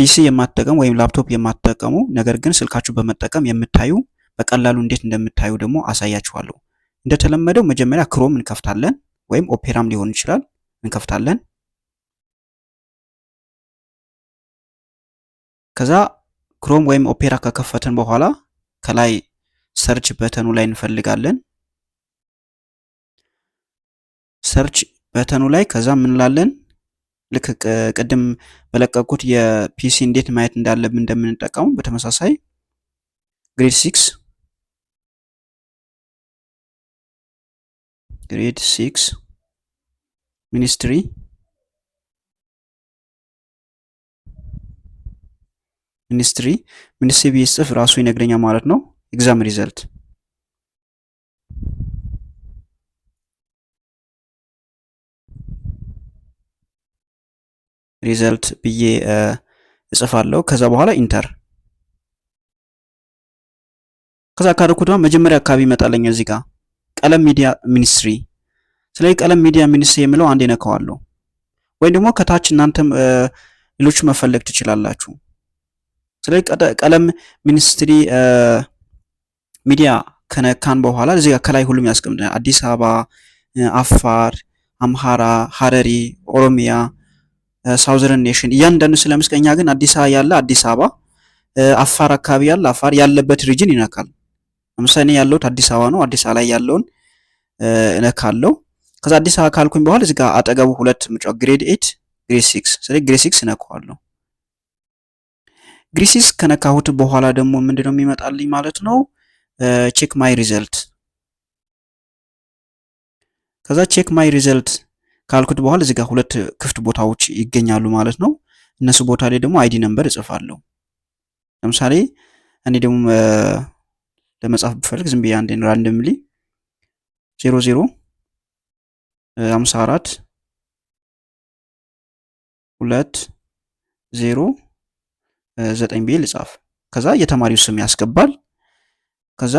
ፒሲ የማትጠቀሙ ወይም ላፕቶፕ የማትጠቀሙ ነገር ግን ስልካችሁ በመጠቀም የምታዩ በቀላሉ እንዴት እንደምታዩ ደግሞ አሳያችኋለሁ። እንደተለመደው መጀመሪያ ክሮም እንከፍታለን ወይም ኦፔራም ሊሆን ይችላል እንከፍታለን። ከዛ ክሮም ወይም ኦፔራ ከከፈትን በኋላ ከላይ ሰርች በተኑ ላይ እንፈልጋለን። ሰርች በተኑ ላይ ከዛ ምንላለን ልክ ቅድም በለቀቁት የፒሲ እንዴት ማየት እንዳለብን እንደምንጠቀሙ በተመሳሳይ ግሬድ ሲክስ ግሬድ ሲክስ ሚኒስትሪ ሚኒስትሪ ሚኒስትሪ ብዬ ራሱ ይነግረኛል ማለት ነው። ኤግዛም ሪዘልት ሪዘልት ብዬ እጽፋለሁ። ከዛ በኋላ ኢንተር ከዛ ካደረኩት መጀመሪያ አካባቢ ይመጣለኝ እዚህ ጋር ቀለም ሚዲያ ሚኒስትሪ። ስለዚህ ቀለም ሚዲያ ሚኒስትሪ የሚለው አንዴ ነካዋለሁ። ወይም ደግሞ ከታች እናንተም ሌሎች መፈለግ ትችላላችሁ። ስለዚህ ቀለም ሚኒስትሪ ሚዲያ ከነካን በኋላ እዚህ ጋር ከላይ ሁሉም ያስቀምጠናል። አዲስ አበባ፣ አፋር፣ አምሃራ፣ ሀረሪ፣ ኦሮሚያ ሳውዘርን ኔሽን እያንዳንዱ ስለ ምስቀኛ ግን አዲስ አበባ ያለ አዲስ አበባ፣ አፋር አካባቢ ያለ አፋር ያለበት ሪጅን ይነካል። ለምሳሌ እኔ ያለሁት አዲስ አበባ ነው። አዲስ አበባ ላይ ያለውን እነካለው። ከዛ አዲስ አበባ ካልኩኝ በኋላ እዚህ ጋር አጠገቡ ሁለት ምጫ ግሬድ ኤት ግሬድ ሲክስ ስለዚህ ግሬድ ሲክስ እነካዋለሁ። ግሬድ ሲክስ ከነካሁት በኋላ ደግሞ ምንድነው የሚመጣልኝ ማለት ነው? ቼክ ማይ ሪዘልት ከዛ ቼክ ማይ ሪዘልት ካልኩት በኋላ እዚህ ጋር ሁለት ክፍት ቦታዎች ይገኛሉ ማለት ነው። እነሱ ቦታ ላይ ደግሞ አይዲ ነምበር እጽፋለሁ። ለምሳሌ እኔ ደግሞ ለመጻፍ ብፈልግ ዝም ብዬ አንዴን ራንደምሊ 00 54 ሁለት 0 9 ብዬ ልጻፍ። ከዛ የተማሪው ስም ያስገባል። ከዛ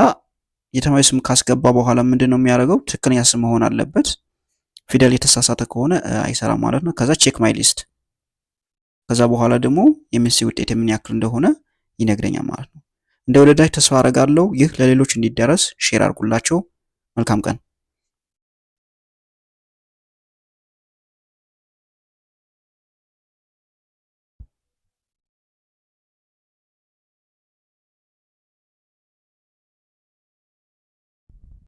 የተማሪው ስም ካስገባ በኋላ ምንድን ነው የሚያደርገው? ትክክለኛ ስም መሆን አለበት። ፊደል የተሳሳተ ከሆነ አይሰራም ማለት ነው። ከዛ ቼክ ማይ ሊስት ከዛ በኋላ ደግሞ የምንሲ ውጤት የምን ያክል እንደሆነ ይነግረኛል ማለት ነው። እንደወደዳችሁ ተስፋ አረጋለሁ። ይህ ለሌሎች እንዲደረስ ሼር አርጉላቸው መልካም ቀን